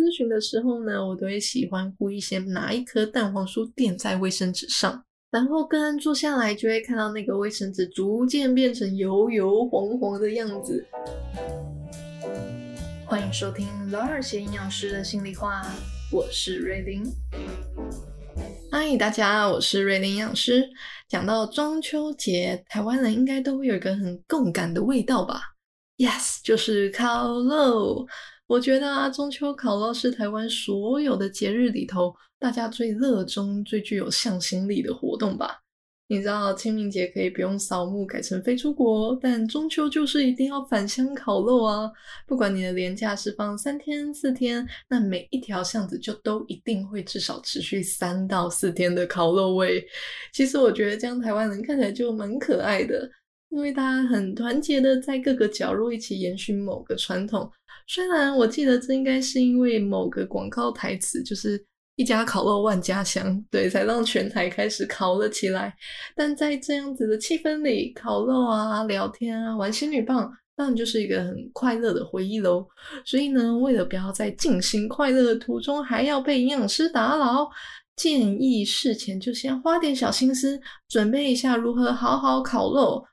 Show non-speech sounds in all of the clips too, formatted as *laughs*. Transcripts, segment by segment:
諮詢的時候呢，我都會喜歡故意先拿一顆蛋黃酥墊在衛生紙上，然後跟人坐下來，就會看到那個衛生紙逐漸變成油油黃黃的樣子。歡迎收聽 Lar 些話營養師的心裡話，我是瑞玲。嗨，大家，我是瑞玲營養師。講到中秋節，台灣人應該都會有一個很共感的味道吧？Yes，就是烤肉。我覺得啊，中秋烤肉是台灣所有的節日裡頭，大家最熱衷、最具有向心力的活動吧。你知道清明節可以不用掃墓，改成飛出國，但中秋就是一定要返鄉烤肉啊。不管你的連假是放三天四天，那每一條巷子，就都一定會至少持續三到四天的烤肉味。其實我覺得這樣台灣人看起來就蠻可愛的，因為大家很團結的在各個角落一起延續某個傳統。雖然我記得這應該是因為某個廣告台詞，就是一家烤肉萬家香，對，才讓全台開始烤了起來。但在這樣子的氣氛裡，烤肉啊、聊天啊、玩仙女棒，當然就是一個很快樂的回憶嘍。所以呢，為了不要在盡興快樂的途中還要被營養師打擾，建議事前就先花點小心思，準備一下如何好好烤肉。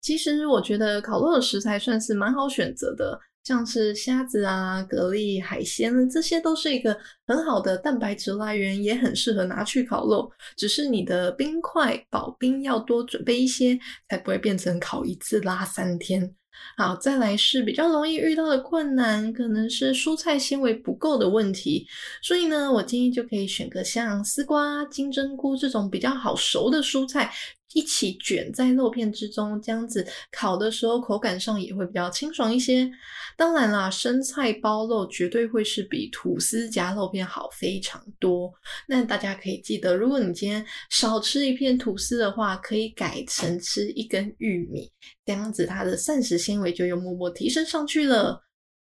其實我覺得烤肉的食材算是蠻好選擇的。像是蝦子啊、蛤蜊、海鮮，這些都是一個很好的蛋白質來源，也很適合拿去烤肉。只是你的冰塊、保冰要多準備一些，才不會變成烤一次拉三天。好，再來是比較容易遇到的困難，可能是蔬菜纖維不夠的問題。所以呢，我建議就可以選個像絲瓜、金針菇這種比較好熟的蔬菜，一起捲在肉片之中，這樣子烤的時候，口感上也會比較清爽一些。當然啦，生菜包肉絕對會是比吐司夾肉片好非常多。那大家可以記得，如果你今天少吃一片吐司的話，可以改成吃一根玉米，這樣子它的膳食纖維就又默默提升上去了。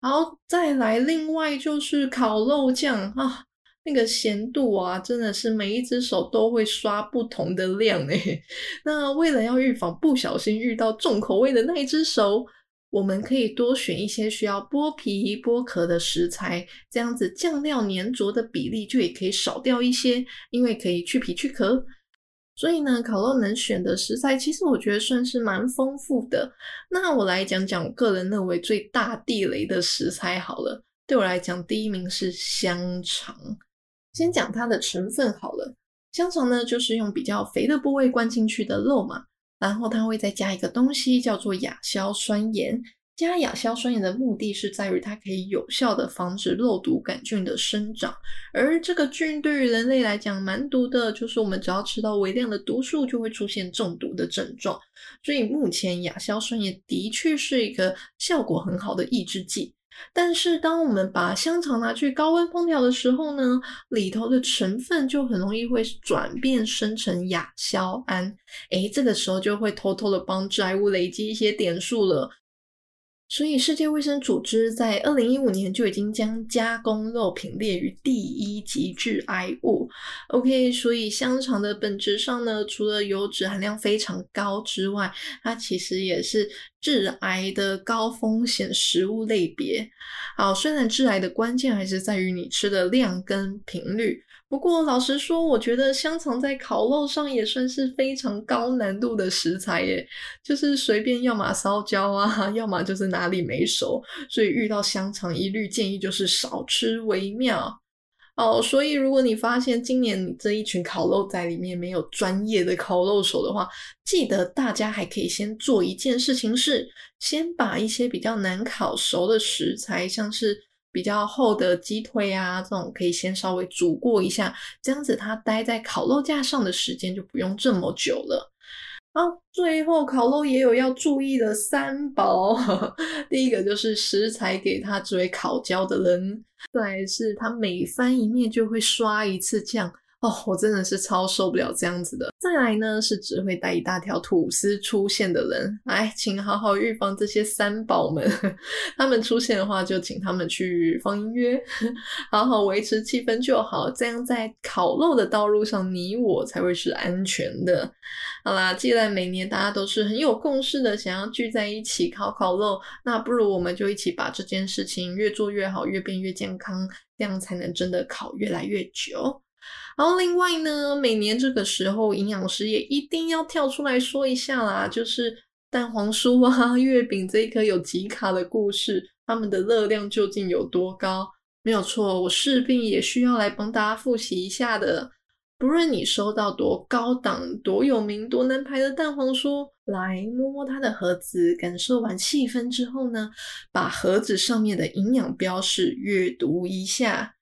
然後再來，另外就是烤肉醬啊。那個鹹度啊，真的是每一隻手都會刷不同的量誒。那為了要預防不小心遇到重口味的那一隻手，我們可以多選一些需要剝皮剝殼的食材，這樣子醬料粘着的比例就也可以少掉一些，因為可以去皮去殼。所以呢，烤肉能選的食材，其實我覺得算是蠻豐富的。那我來講講我個人認為最大地雷的食材好了。對我來講，第一名是香腸。先講它的成分好了，香腸呢，就是用比較肥的部位灌進去的肉嘛，然後它會再加一個東西叫做亞硝酸鹽。加亞硝酸鹽的目的是在於它可以有效的防止肉毒桿菌的生長，而這個菌對於人類來講蠻毒的，就是我們只要吃到微量的毒素就會出現中毒的症狀。所以目前亞硝酸鹽的確是一個效果很好的抑制劑。但是，當我們把香腸拿去高溫烹調的時候呢，裡頭的成分就很容易會轉變生成亞硝胺，哎，這個時候就會偷偷的幫致癌物累積一些點數了。所以，世界衛生組織在二零一五年就已經將加工肉品列於第一級致癌物。OK，所以香腸的本質上呢，除了油脂含量非常高之外，它其實也是致癌的高風險食物類別。好，雖然致癌的關鍵還是在於你吃的量跟頻率。不過，老實說，我覺得香腸在烤肉上也算是非常高難度的食材耶，就是隨便要麼燒焦啊，要麼就是哪裡沒熟，所以遇到香腸，一律建議就是少吃為妙。哦，所以如果你發現今年這一群烤肉仔裡面沒有專業的烤肉手的話，記得大家還可以先做一件事情是，是先把一些比較難烤熟的食材，像是，比較厚的雞腿啊，這種可以先稍微煮過一下，這樣子它待在烤肉架上的時間就不用這麼久了。然後最後烤肉也有要注意的三寶，第一個就是食材給它只會烤焦的人，再來對，是它每翻一面就會刷一次醬。哦，我真的是超受不了這樣子的。再來呢，是只會帶一大條吐司出現的人。哎，請好好預防這些三寶們，他們出現的話，就請他們去放音樂，好好維持氣氛就好。這樣在烤肉的道路上，你我才會是安全的。好啦，既然每年大家都是很有共識的，想要聚在一起烤烤肉，那不如我們就一起把這件事情越做越好，越變越健康，這樣才能真的烤越來越久。然後另外呢，每年這個時候，營養師也一定要跳出來說一下啦，就是蛋黃酥啊、月餅這一顆有幾卡的故事，它們的熱量究竟有多高？沒有錯，我勢必也需要來幫大家複習一下的。不論你收到多高檔、多有名、多難排的蛋黃酥，來摸摸它的盒子，感受完氣氛之後呢，把盒子上面的營養標示閱讀一下。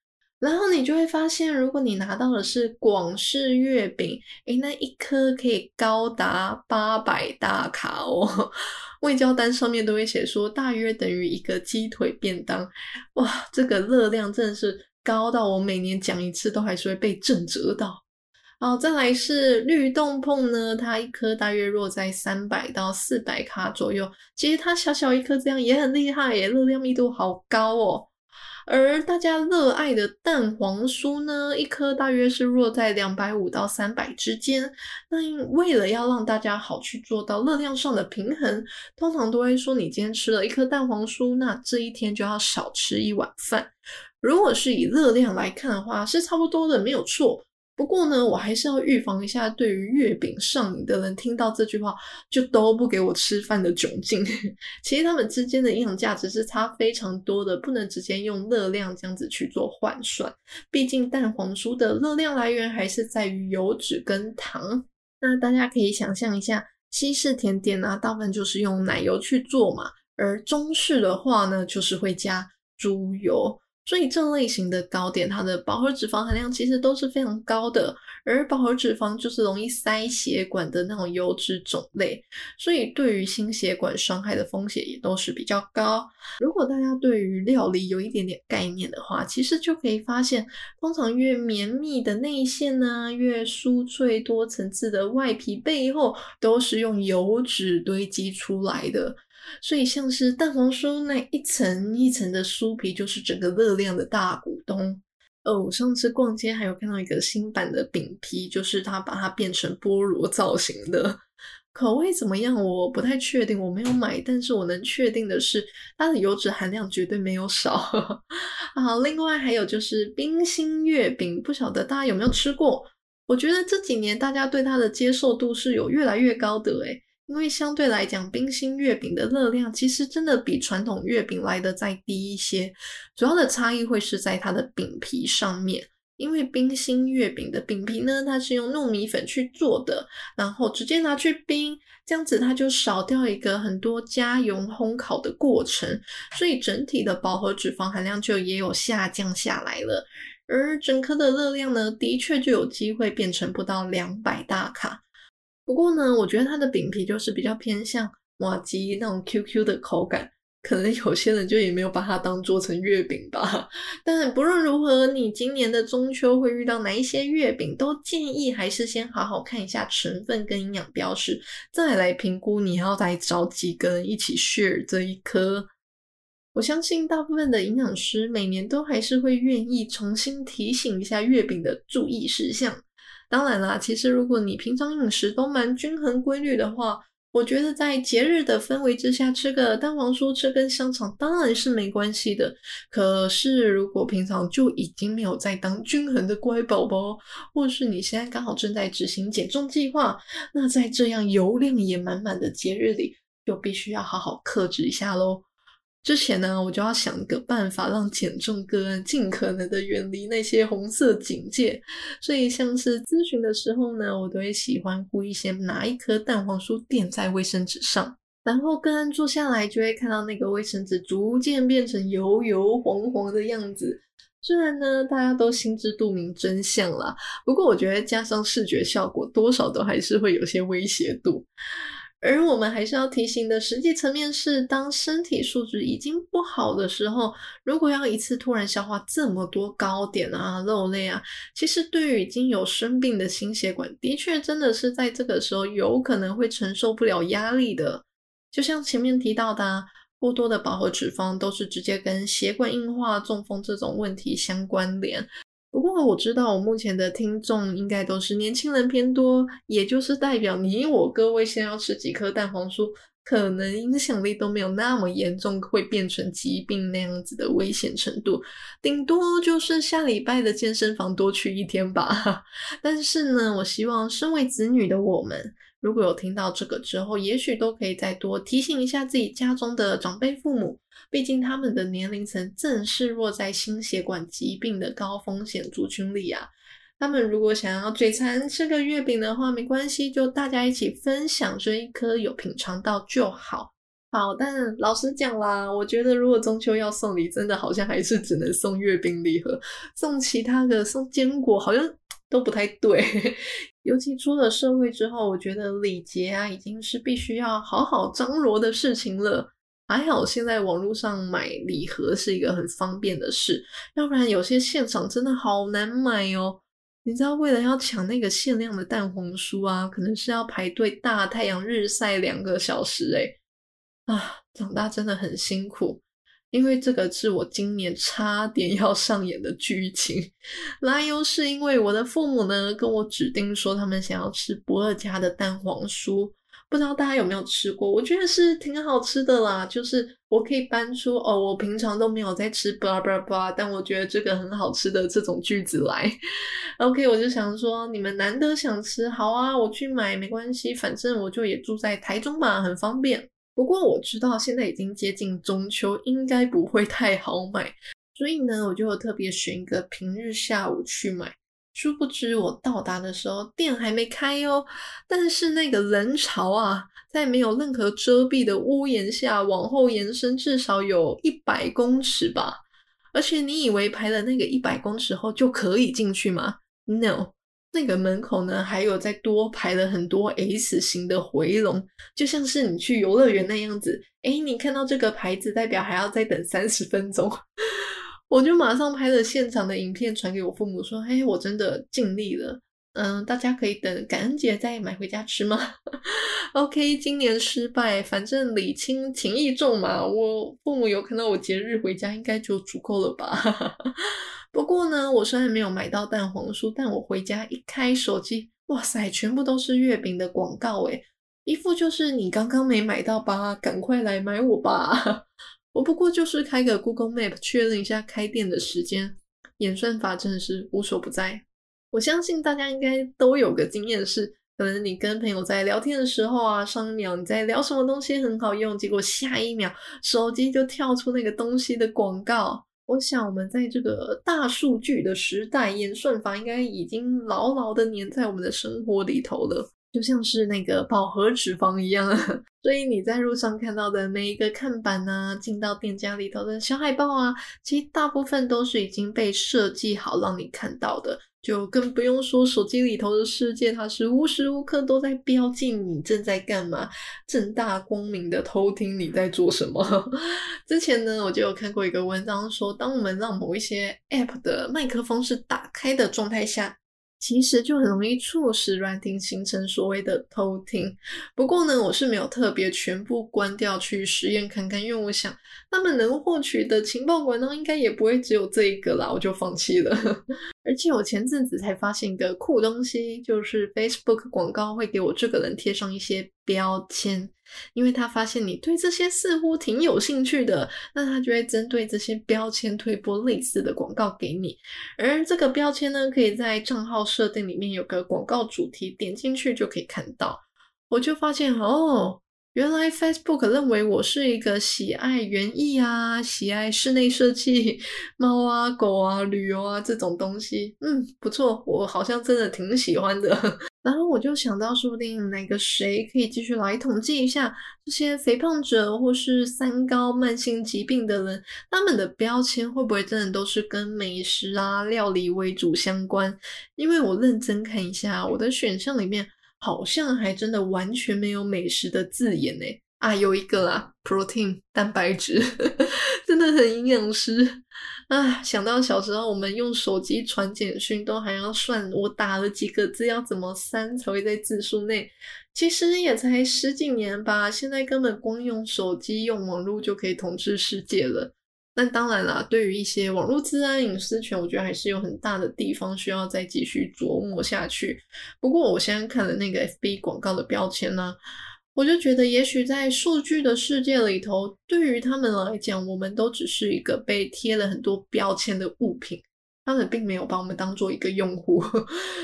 然後你就會發現，如果你拿到的是廣式月餅，誒，那一顆可以高達八百大卡哦。 *laughs* 衛教單上面都會寫說，大約等於一個雞腿便當。哇，這個熱量真的是高到我每年講一次都還是會被震折到。好，再來是綠豆椪呢，它一顆大約落在三百到四百卡左右。其實它小小一顆這樣也很厲害耶，熱量密度好高哦。而大家熱愛的蛋黃酥呢，一顆大約是落在兩百五到三百之間。那為了要讓大家好去做到熱量上的平衡，通常都會說你今天吃了一顆蛋黃酥，那這一天就要少吃一碗飯。如果是以熱量來看的話，是差不多的，沒有錯。不過呢，我還是要預防一下，對於月餅上癮的人聽到這句話就都不給我吃飯的窘境。其實它們之間的營養價值是差非常多的，不能直接用熱量這樣子去做換算。畢竟蛋黃酥的熱量來源還是在於油脂跟糖。那大家可以想象一下，西式甜點呢、啊，大部分就是用奶油去做嘛，而中式的話呢，就是會加豬油。所以這類型的糕點，它的飽和脂肪含量其實都是非常高的，而飽和脂肪就是容易塞血管的那種油脂種類，所以對於心血管傷害的風險也都是比較高。如果大家對於料理有一點點概念的話，其實就可以發現，通常越綿密的內餡呢，越酥脆多層次的外皮背後，都是用油脂堆積出來的。所以，像是蛋黃酥那一層一層的酥皮，就是整個熱量的大股東。哦，我上次逛街還有看到一個新版的餅皮，就是它把它變成菠蘿造型的，口味怎麼樣？我不太確定，我沒有買。但是我能確定的是，它的油脂含量絕對沒有少。啊，另外還有就是冰心月餅，不曉得大家有沒有吃過？我覺得這幾年大家對它的接受度是有越來越高的，欸，誒因為相對來講，冰心月餅的熱量其實真的比傳統月餅來得再低一些。主要的差異會是在它的餅皮上面，因為冰心月餅的餅皮呢，它是用糯米粉去做的，然後直接拿去冰，這樣子它就少掉一個很多加油烘烤的過程，所以整體的飽和脂肪含量就也有下降下來了。而整顆的熱量呢，的確就有機會變成不到兩百大卡。不過呢，我覺得它的餅皮就是比較偏向麻糬那種 QQ 的口感，可能有些人就也沒有把它當做成月餅吧。但不論如何，你今年的中秋會遇到哪一些月餅，都建議還是先好好看一下成分跟營養標示，再來評估你要來找幾個人一起 share 這一顆。我相信大部分的營養師每年都還是會願意重新提醒一下月餅的注意事項。當然啦，其實如果你平常飲食都蠻均衡規律的話，我覺得在節日的氛圍之下吃個蛋黃酥、吃根香腸當然是沒關係的。可是如果平常飲食就已經沒有在當均衡的乖寶寶，或是你現在剛好正在執行減重計劃，那在這樣油量也滿滿的節日裡，就必須要好好克制一下嘍。之前呢，我就要想個辦法，讓減重個案盡可能的遠離那些紅色警戒。所以，像是諮詢的時候呢，我都會喜歡故意先拿一顆蛋黃酥墊在衛生紙上，然後個案坐下來就會看到那個衛生紙逐漸變成油油黃黃的樣子。雖然呢，大家都心知肚明真相啦，不過我覺得加上視覺效果，多少都還是會有些威脅度。而我們還是要提醒的，實際層面是，當身體素質已經不好的時候，如果要一次突然消化這麼多糕點啊、肉類啊，其實對於已經有生病的心血管，的確真的是在這個時候有可能會承受不了壓力的。就像前面提到的啊，過多的飽和脂肪都是直接跟血管硬化、中風這種問題相關聯。不過我知道，我目前的聽眾應該都是年輕人偏多，也就是代表你我各位先要吃幾顆蛋黃酥，可能影響力都沒有那麼嚴重，會變成疾病那樣子的危險程度，頂多就是下禮拜的健身房多去一天吧。但是呢，我希望身為子女的我們，如果有聽到這個之後，也許都可以再多提醒一下自己家中的長輩父母，畢竟他們的年齡層正是落在心血管疾病的高風險族群裡啊。他們如果想要嘴饞吃個月餅的話，沒關係，就大家一起分享，這一顆有品嚐到就好。好，但老實講啦，我覺得如果中秋要送禮，真的好像還是只能送月餅禮盒，送其他的送堅果好像都不太對。尤其出了社會之後，我覺得禮節啊，已經是必須要好好張羅的事情了。還好現在網絡上買禮盒是一個很方便的事，要不然有些現場真的好難買哦。你知道為了要搶那個限量的蛋黃酥啊，可能是要排隊大太陽日曬兩個小時誒、欸，啊，長大真的很辛苦。因為這個是我今年差點要上演的劇情，來又是因為我的父母呢，跟我指定說他們想要吃不二家的蛋黃酥，不知道大家有沒有吃過？我覺得是挺好吃的啦，就是我可以搬出哦，我平常都沒有在吃，巴拉巴拉巴拉，但我覺得這個很好吃的這種句子來。OK，我就想說，你們難得想吃，好啊，我去買沒關係，反正我就也住在台中嘛，很方便。不過我知道現在已經接近中秋，應該不會太好買，所以呢，我就特別選一個平日下午去買。殊不知我到達的時候，店還沒開哦，但是那個人潮啊，在沒有任何遮蔽的屋檐下，往後延伸至少有一百公尺吧，而且你以為排了那個一百公尺後就可以進去嗎？No。那個門口呢，還有再多排了很多 S 型的回龍，就像是你去遊樂園那樣子。哎，你看到這個牌子，代表還要再等三十分鐘。 *laughs* 我就馬上拍了現場的影片傳給我父母說，哎，我真的盡力了。嗯，大家可以等感恩節再買回家吃嗎 *laughs* ？OK，今年失敗，反正禮輕情意重嘛。我父母有看到我節日回家應該就足夠了吧。 *laughs* 不過呢，我雖然沒有買到蛋黃酥，但我回家一開手機，哇塞，全部都是月餅的廣告誒，一副就是你剛剛沒買到吧，趕快來買我吧！ *laughs* 我不過就是開個 Google Map，確認一下開店的時間。演算法真的是無所不在。我相信大家應該都有個經驗是，可能你跟朋友在聊天的時候啊，上一秒你在聊什麼東西很好用，結果下一秒手機就跳出那個東西的廣告。我想，我們在這個大數據的時代，演算法應該已經牢牢的粘在我們的生活裡頭了，就像是那個飽和脂肪一樣。所以你在路上看到的每一個看板啊，進到店家裡頭的小海報啊，其實大部分都是已經被設計好讓你看到的。就更不用說手機裡頭的世界，它是無時無刻都在標記你正在幹嘛，正大光明的偷聽你在做什麼。 *laughs* 之前呢，我就有看過一個文章說，當我們讓某一些 app 的麥克風是打開的狀態下。其實就很容易促使軟體形成所謂的偷聽。不過呢，我是沒有特別全部關掉去實驗看看，因為我想他們能獲取的情報管道應該也不會只有這一個啦，我就放棄了。 *laughs* 而且我前陣子才發現一個酷東西，就是 Facebook 廣告會給我這個人貼上一些標籤。因為他發現你對這些似乎挺有興趣的，那他就會針對這些標籤推播類似的廣告給你。而這個標籤呢，可以在賬號設定裡面有個廣告主題，點進去就可以看到。我就發現哦，原來 Facebook 認為我是一個喜愛園藝啊、喜愛室內設計、貓啊、狗啊、旅遊啊這種東西。嗯，不錯，我好像真的挺喜歡的。然後我就想到，說不定哪個誰可以繼續來統計一下這些肥胖者或是三高慢性疾病的人，他們的標籤會不會真的都是跟美食啊、料理為主相關？因為我認真看一下我的選項裡面，好像還真的完全沒有美食的字眼誒啊，有一個啦，protein 蛋白質，呵呵，真的很營養師。啊，想到小時候我們用手機傳簡訊都還要算，我打了幾個字要怎麼刪才會在字數內，其實也才十幾年吧。現在根本光用手機、用網絡就可以統治世界了。那當然啦，對於一些網絡治安、隱私權，我覺得還是有很大的地方需要再繼續琢磨下去。不過我現在看了那個 FB 廣告的標籤呢、啊。我就覺得，也許在數據的世界裡頭，對於他們來講，我們都只是一個被貼了很多標籤的物品，他們並沒有把我們當做一個用戶，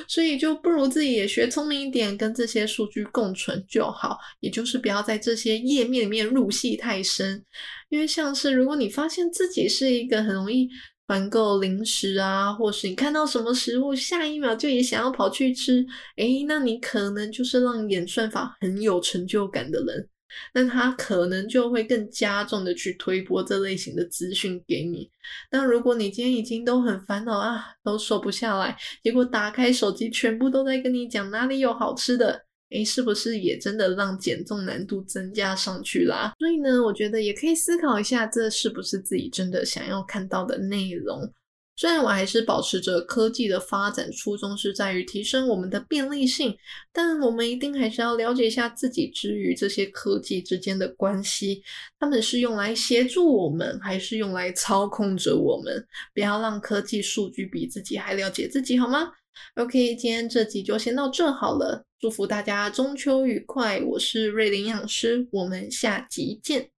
所以就不如自己也學聰明一點，跟這些數據共存就好，也就是不要在這些頁面裡面入戲太深，因為像是如果你發現自己是一個很容易。團購零食啊，或是你看到什麼食物，下一秒就也想要跑去吃，誒、欸、那你可能就是讓演算法很有成就感的人，那他可能就會更加重的去推播這類型的資訊給你。那如果你今天已經都很煩惱啊，都瘦不下來，結果打開手機全部都在跟你講哪裡有好吃的。哎，是不是也真的讓減重難度增加上去啦？所以呢，我覺得也可以思考一下，這是不是自己真的想要看到的內容？雖然我還是保持着科技的發展初衷是在於提升我們的便利性，但我們一定還是要了解一下自己之於這些科技之間的關係，他們是用來協助我們，還是用來操控着我們？不要讓科技數據比自己還了解自己，好嗎？OK，今天這集就先到這好了。祝福大家中秋愉快！我是瑞林營養師，我們下集見。